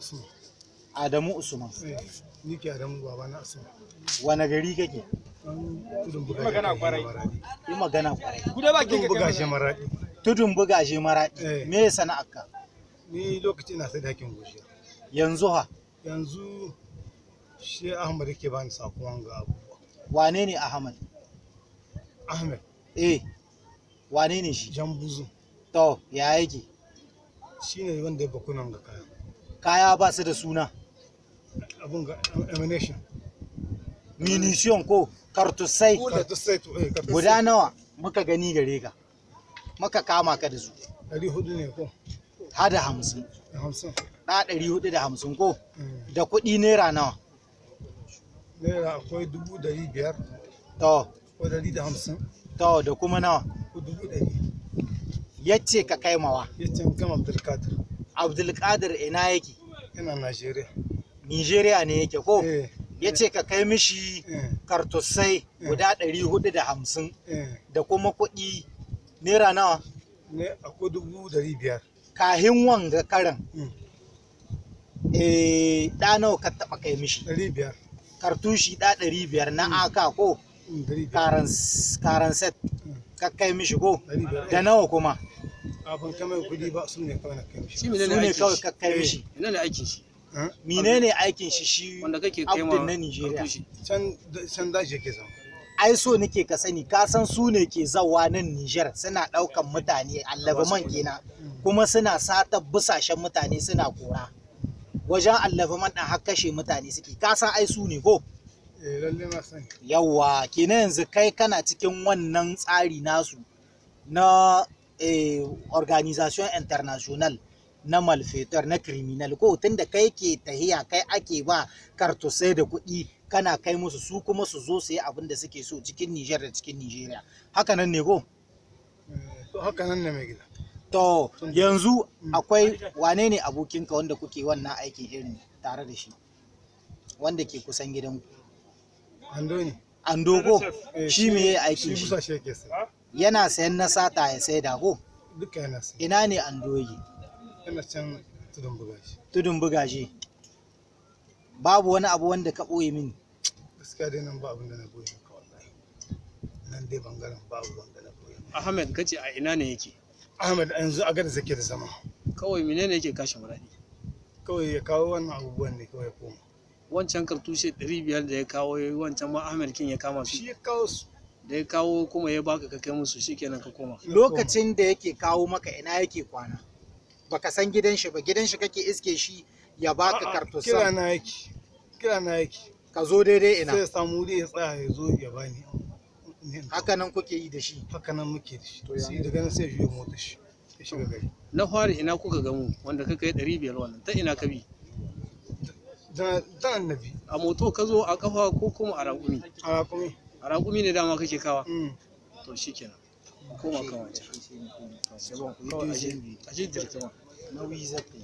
Usman. Adamu Usman. Eh, ni ke Adamu baba na Usman. Wane gari kake? Tudun magana kwarai. Yi magana kwarai. Guda ba ke gashi shi maradi. Tudun buga shi maradi. Eh. Me ya sana'ar ka? Ni lokaci ina sai dakin goshi. Yanzu ha? Yanzu shi Ahmad yake bani sakon ga abubuwa. Wane ne Ahmad? Ahmad. Eh. Wane ne shi? Jambuzu. To, ya yake? Shi ne wanda ya bakunan ga kayan. kaya ba su da suna abin ga emanation munition ko eh, kartusai guda nawa muka gani gare ka muka kama ka da su 400 ne ko hada hamsin na ɗari hudu da hamsin ko mm. da kuɗi naira nawa naira akwai dubu ɗari biyar to ko ɗari da hamsin to da kuma nawa dubu ɗari ya ka kai mawa ya ce abdulkadir abdulkadir ina yake ina Najeriya Nigeria ne yake ko eh. ya ce ka kai mishi eh. kartosai eh. guda 450 da kuma kuɗi naira nawa ne a dubu dari biyar kahin wanga karin hmm. eh da nawa ka taba kai mishi dari biyar kartushi da dari biyar na hmm. aka ko hmm, karan set ka kai mishi ko da nawa kuma kafin ka mai kuɗi ba su ne kawai na kai mishi shi ne kawai ka kai mishi ina eh, ne aikin shi ne aikin shi shi wanda kake kai ma na Nigeria can can da shi ke zama ai so nake ka sani ka san su ne ke zawa nan Niger suna daukan mutane allabaman kenan kuma suna sata busashen mutane suna kora wajen allabaman dan har kashe mutane suke ka san ai su ne ko eh, yawwa kenan yanzu kai kana cikin wannan tsari nasu na Eh, organization international na malfetor na criminal ko tun da kai ke tahiya kai ake ba kartusai da kuɗi kana kai musu su kuma su zo su yi abin da suke so cikin niger da cikin Nijeriya haka nan ne ko? Eh, haka nan ne mai gida to yanzu mm. akwai wane ne abokinka wanda kuke wannan aikin irin tare da shi wanda ke kusan gidan ando ne ando ko shi me aikin shi yana sayan na sata ya sai dago duka yana sayan ina ne an doyi yana can tudun bugaji tudun bugaji babu wani abu wanda ka ɓoye mini gaskiya dai nan ba abin da na ɓoye maka wallahi nan dai bangaren ba abu wanda na ɓoye Ahmed ka ce a ina ne yake Ahmed yanzu a gada zake da zama kawai menene yake kashe muradi kawai ya kawo wannan abubuwan ne kawai ya koma wancan kartushe 500 da ya kawo wancan ma Ahmed kin ya kama su shi ya kawo su da ya kawo kuma ya baka ka kai musu shikenan ka koma lokacin da yake kawo maka ina yake kwana baka san gidan shi ba gidan shi kake iske shi ya baka kartosa kira na yake kira na yake ka zo daidai ina sai samu wuri ya tsaya ya zo ya bani haka nan kuke yi da shi haka nan muke da shi to sai daga nan sai ya juya mota shi ya shiga gari na fari ina kuka gamu wanda ka kai 500 wannan ta ina ka bi da annabi a moto ka zo a kafa ko kuma a raƙumi a raƙumi raƙumi ne dama kake kawa mm. to shi kenan koma kawa ta ashe dirkima nauyi zaka